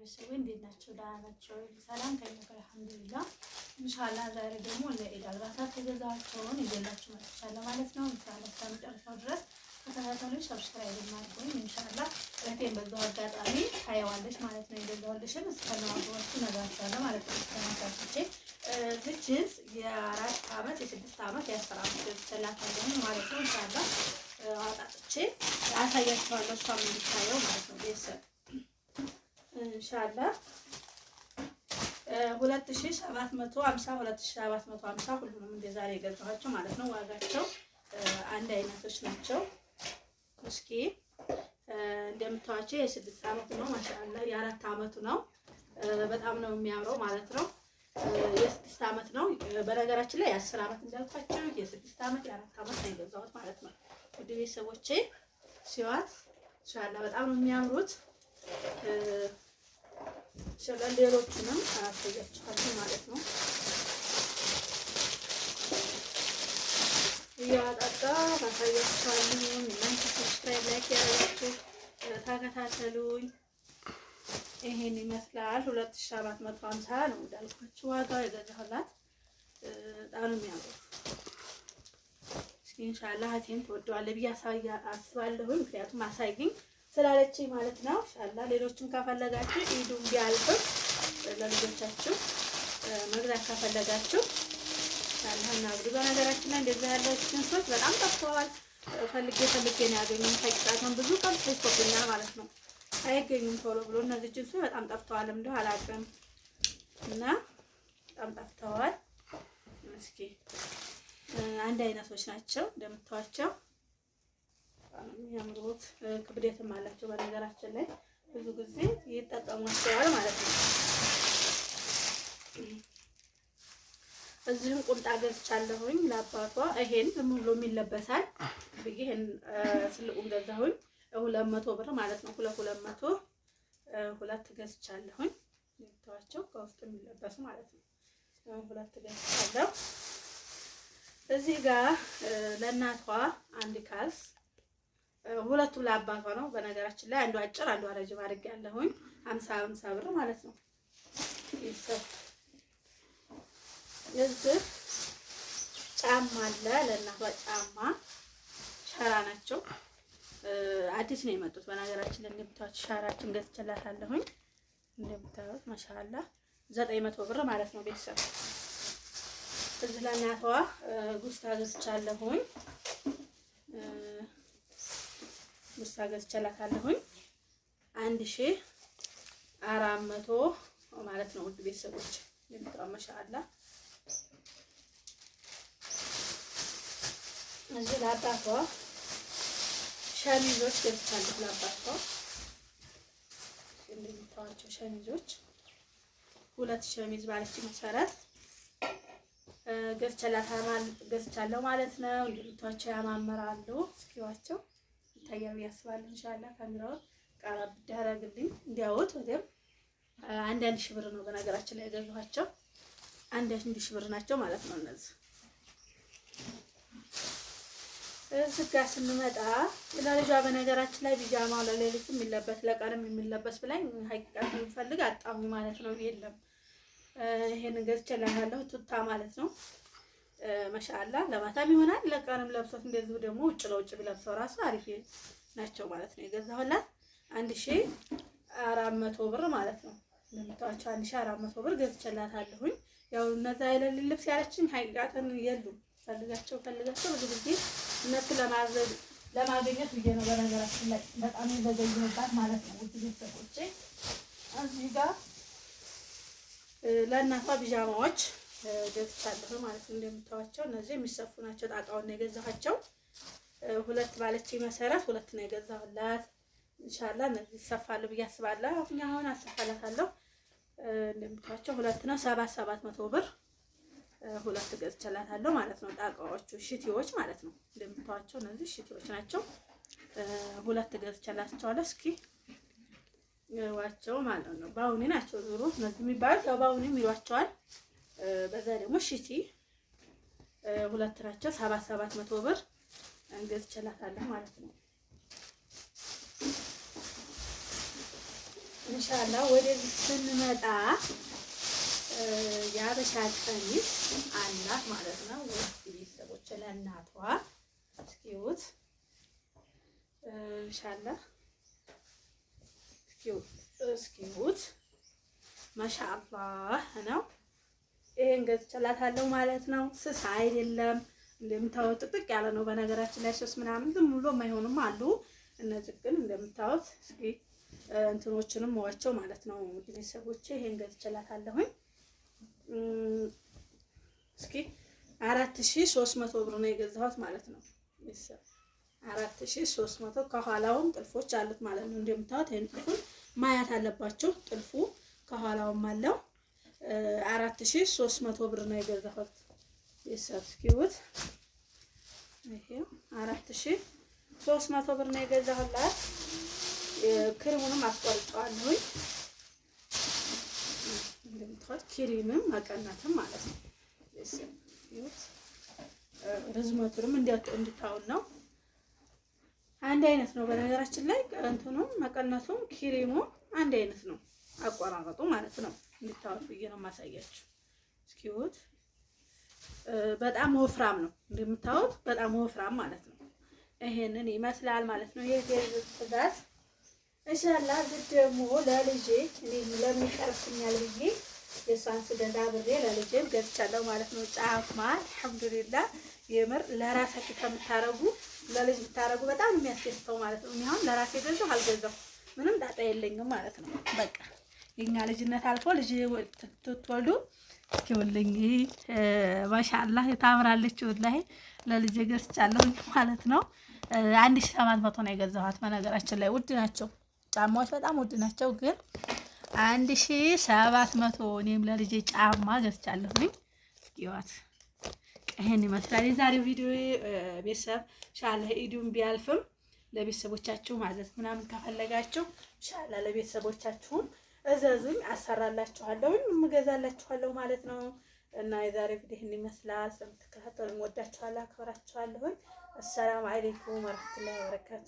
ማህበረሰቡ እንዴት ናቸው? ደህና ናቸው? ሰላም ከኛ ጋር አልሐምዱሊላህ። ኢንሻአላህ ዛሬ ደግሞ ለኢድ አልባሳት ተገዛቸውን ይዤላችሁ መጥቻለሁ ማለት ነው። ኢንሻአላህ እስከመጨረሻው ድረስ ተከታተሉኝ፣ ሰብስክራይብ አድርጉኝ። ኢንሻአላህ እህቴን በዛው አጋጣሚ ታየዋለች ማለት ነው። የገዛሁልሽን እስከነዋጋዎቹ እነግራችኋለሁ ማለት ነው። እስከማታችቼ ትችንስ የአራት አመት የስድስት አመት የአስር ዓመት ገዝቼላት ማለት ነው። ኢንሻአላህ አጣጥቼ አሳያችኋለሁ እሷም እንዲታየው ማለት ነው ቤተሰብ እንሻላ ሁለት ሺህ ሰባት መቶ ሀምሳ ሁለት ሺህ ሰባት መቶ ሀምሳ ሁሉንም እንደ የገዛኋቸው ማለት ነው። ዋጋቸው አንድ አይነቶች ናቸው። እስኪ እንደምታዋቸው የስድስት ዓመቱ ነው ማሻላ የአራት ዓመቱ ነው። በጣም ነው የሚያምረው ማለት ነው። የስድስት ዓመት ነው። በነገራችን ላይ የአስር ዓመት እንዳልኳቸው የስድስት ዓመት የአራት ዓመት ነው የገዛሁት ማለት ነው። ውድ ቤተሰቦቼ ሲዋት ሻላ በጣም ነው የሚያምሩት። ሌሎቹንም አያሳያችኋለሁ ማለት ነው። እያወጣጣ አሳያችኋለሁ። እናንተ ሰብስክራይብ፣ ላይክ ያደረጋችሁ ተከታተሉኝ። ይሄን ይመስላል። ሁለት ሺህ አራት መቶ ሀምሳ ነው እንዳልኳችሁ ዋጋው የገዛሁላት ጣኑ የሚያምሩ እስኪ ኢንሻላህ እህቴም ትወደዋለህ ብዬ አስባለሁኝ። ምክንያቱም አሳይኝ ስላለች ማለት ነው። ኢንሻአላህ ሌሎችም ከፈለጋችሁ ኢዱም ቢያልፍም ለልጆቻችሁ መግዛት ከፈለጋችሁ ኢንሻአላህ ብዙ እንግዲህ በነገራችን ላይ እንደዚህ ያለ ጅንሶች በጣም ጠፍተዋል። ፈልጌ ፈልጌ ነው ያገኘሁት። ታቂጣቱን ብዙ ቀን ተይቶብኛል ማለት ነው። አይገኙም ቶሎ ብሎ እነዚህ ጅንሶች በጣም ጠፍተዋል። እንደው አላውቅም እና በጣም ጠፍተዋል። እስኪ አንድ አይነቶች ናቸው እንደምታዋቸው በጣም የሚያምሩት ክብደትም አላቸው። በነገራችን ላይ ብዙ ጊዜ ይጠቀሟቸዋል ማለት ነው። እዚህም ቁምጣ ገዝቻለሁኝ ለአባቷ። ይሄን ዝም ብሎም ይለበሳል ብዬ ይሄን ትልቁን ገዛሁኝ ሁለት መቶ ብር ማለት ነው። ሁለት ሁለት መቶ ሁለት ገዝቻለሁኝ ተዋቸው ከውስጥ የሚለበሱ ማለት ነው። ሁለት ገዝቻለሁ። እዚህ ጋር ለእናቷ አንድ ካልስ ሁለቱም ለአባቷ ነው። በነገራችን ላይ አንዱ አጭር አንዱ ረጅም አድርግ ያለሁኝ ሀምሳ ሀምሳ ብር ማለት ነው። እዚህ ጫማ አለ ለእናቷ ጫማ ሸራ ናቸው። አዲስ ነው የመጡት በነገራችን ላይ እንደምታዩት ሸራችን ገዝቼላታለሁኝ። እንደምታዩት ማሻአላ ዘጠኝ መቶ ብር ማለት ነው ቤተሰብ እዚህ ለእናቷ ጉስታ ገዝቻለሁኝ። ገዝቼላታለሁኝ አንድ ሺ አራት መቶ ማለት ነው። ውድ ቤተሰቦች የምትቀመ ሻአላ እዚህ ለአባቷ ሸሚዞች ገዝቻለሁ። ለአባቷ እንደሚታዋቸው ሸሚዞች ሁለት ሸሚዝ ባለች መሰረት ገዝቻለሁ ማለት ነው። እንደሚታዋቸው ያማምራሉ። እስኪዋቸው ይታያል ያስባል። እንሻላ ካሜራውን ቃራ ብዳረግልኝ እንዲያወት ወይም አንዳንድ ሺህ ብር ነው በነገራችን ላይ የገዛኋቸው አንዳንድ ሺህ ብር ናቸው ማለት ነው። እነዚህ ስጋ ስንመጣ ለልጇ በነገራችን ላይ ቢጃማው ለሌሊት የሚለበስ ለቀንም የሚለበስ ብላኝ ሀቂቃት የምፈልግ አጣሙ ማለት ነው የለም ይሄን ገዝቼ ላታለሁ ቱታ ማለት ነው መሻአላ ለማታም ይሆናል ለቀንም ለብሶት እንደዚሁ ደግሞ ውጭ ለውጭ ቢለብሰው ራሱ አሪፍ ናቸው ማለት ነው። የገዛሁላት አንድ ሺ አራት መቶ ብር ማለት ነው። እንደምታዋቸው አንድ ሺ አራት መቶ ብር ገዝቼላታለሁኝ። ያው እነዛ የሌለ ልብስ ያለችኝ ሀይቃትን የሉም ፈልጋቸው ፈልጋቸው ብዙ ጊዜ እነሱ ለማዘዝ ለማገኘት ብዬ ነው። በነገራችን ላይ በጣም የዘገየሁባት ማለት ነው። ውድ ቤተሰቦቼ እዚህ ጋር ለእናቷ ቢጃማዎች ገዝቻለሁ ማለት ነው። እንደምታዋቸው እነዚህ የሚሰፉ ናቸው። ጣቃውን ነው የገዛኋቸው። ሁለት ባለች መሰረት ሁለት ነው የገዛሁላት። እንሻላ እነዚህ ይሰፋሉ ብዬ አስባለሁ። አሁን አሁን አሰፋላታለሁ። እንደምታዋቸው ሁለት ነው ሰባት ሰባት መቶ ብር ሁለት ገዝቻላታለሁ ማለት ነው። ጣቃዎቹ ሽቲዎች ማለት ነው። እንደምታዋቸው እነዚህ ሽቲዎች ናቸው። ሁለት ገዝቻላቸዋለሁ። እስኪ ዋቸው ማለት ነው። ባውኒ ናቸው ዙሩ እነዚህ የሚባሉት ያው ባውኒም ይሏቸዋል። በዛ ደግሞ ሽቲ ሁለት ናቸው ሰባት ሰባት መቶ ብር እንገዝችላታለን ማለት ነው። እንሻላ ወደዚህ ስንመጣ የአበሻ ቀሚስ አላት ማለት ነው። ወስ ቤተሰቦች ለእናቷ እስኪዩት እንሻላ እስኪዩት ማሻአላህ ነው። ይሄን ገዝቼላታለሁ ማለት ነው። ስሳ አይደለም እንደምታዩት ጥቅጥቅ ያለ ነው። በነገራችን ላይ ሶስ ምናምን ዝም ብሎ የማይሆኑም አሉ። እነዚህ ግን እንደምታዩት እስኪ እንትኖችንም እዋቸው ማለት ነው። ቤተሰቦቼ ይሄን ገዝቼላታለሁኝ እስኪ አራት ሺህ ሦስት መቶ ብር ነው የገዛሁት ማለት ነው። አራት ሺህ መቶ ከኋላውም ጥልፎች አሉት ማለት ነው። እንደምታዩት ይሄን ጥልፉን ማያት አለባቸው። ጥልፉ ከኋላውም አለው አራት ሺህ ሶስት መቶ ብር ነው የገዛሁት። የሰብስኪውት አራት ሶስት መቶ ብር ነው የገዛሁላት። ክሪሙንም አስቆርጫዋለሁኝ እንደምታውቁት ክሪምም መቀነትም ማለት ነው። እንድታውን ነው። አንድ አይነት ነው። በነገራችን ላይ እንትኑም መቀነቱም አንድ አይነት ነው፣ አቆራረጡ ማለት ነው። እንድታወር ብዬ ነው የማሳያችሁ። እስኪሁት በጣም ወፍራም ነው እንደምታዩት፣ በጣም ወፍራም ማለት ነው። ይሄንን ይመስላል ማለት ነው። ይሄ ትእዛዝ እንሻላ ግን ደግሞ ለልጄ ለሚቀርብኛል ብዬ የእሷን ስደዳ ብሬ ለልጄም ገዝቻለሁ ማለት ነው። ጫማ አልሐምዱሊላ የምር ለራሳችሁ ከምታረጉ ለልጅ ብታረጉ በጣም የሚያስደስተው ማለት ነው። እኔ አሁን ለራሴ ገዛሁ አልገዛሁ ምንም ዳጣ የለኝም ማለት ነው በቃ የኛ ልጅነት አልፎ ልጅ ትትወልዱ እስኪውልኝ ማሻአላህ ታምራለች። ላይ ለልጅ ገዝቻለሁ ማለት ነው። አንድ ሺ ሰባት መቶ ነው የገዛኋት። በነገራችን ላይ ውድ ናቸው ጫማዎች፣ በጣም ውድ ናቸው። ግን አንድ ሺ ሰባት መቶ እኔም ለልጄ ጫማ ገዝቻለሁኝ። እስኪዋት ይህን ይመስላል የዛሬው ቪዲዮ ቤተሰብ። ሻለ ኢዱን ቢያልፍም ለቤተሰቦቻችሁ ማዘዝ ምናምን ከፈለጋችሁ ሻለ ለቤተሰቦቻችሁን እዘዙኝ፣ አሰራላችኋለሁኝ፣ እምገዛላችኋለሁ ማለት ነው። እና የዛሬ ቪዲዮ ቪዲዮን ይመስላል። ስለምትከታተሉ ወዳችኋለሁ፣ አክብራችኋለሁኝ። አሰላሙ አለይኩም ወረሕመቱላሂ ወበረካቱ።